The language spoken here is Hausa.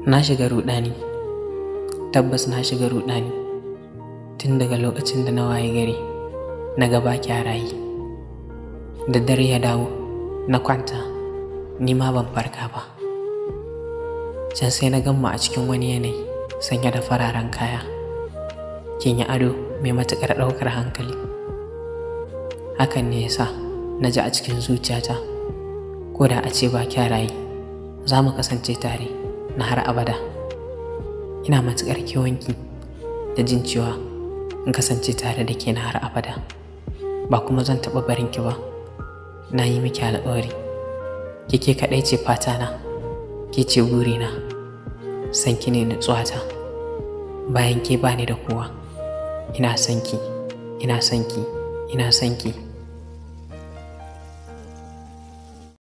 na shiga ruɗani tabbas na shiga ruɗani tun daga lokacin da na waye gari na gaba kyarayi da dare ya dawo na kwanta ni ma ban farka ba can sai na gamma a cikin wani yanayi sanya da fararen kaya Kin yi ado mai matuƙar ɗaukar hankali hakan ne yasa na ji a cikin zuciyata ko da a ce ba kyarayi za mu kasance tare na har abada ina matuƙar kewanki da jin cewa in kasance tare da ke na har abada ba kuma zan taɓa barinki ba na yi miki alƙawari kike kaɗai ce fata na ke ce burina san ki ne nutsuwata bayan ke bani da kowa ina son ki ina sanki. ina sanki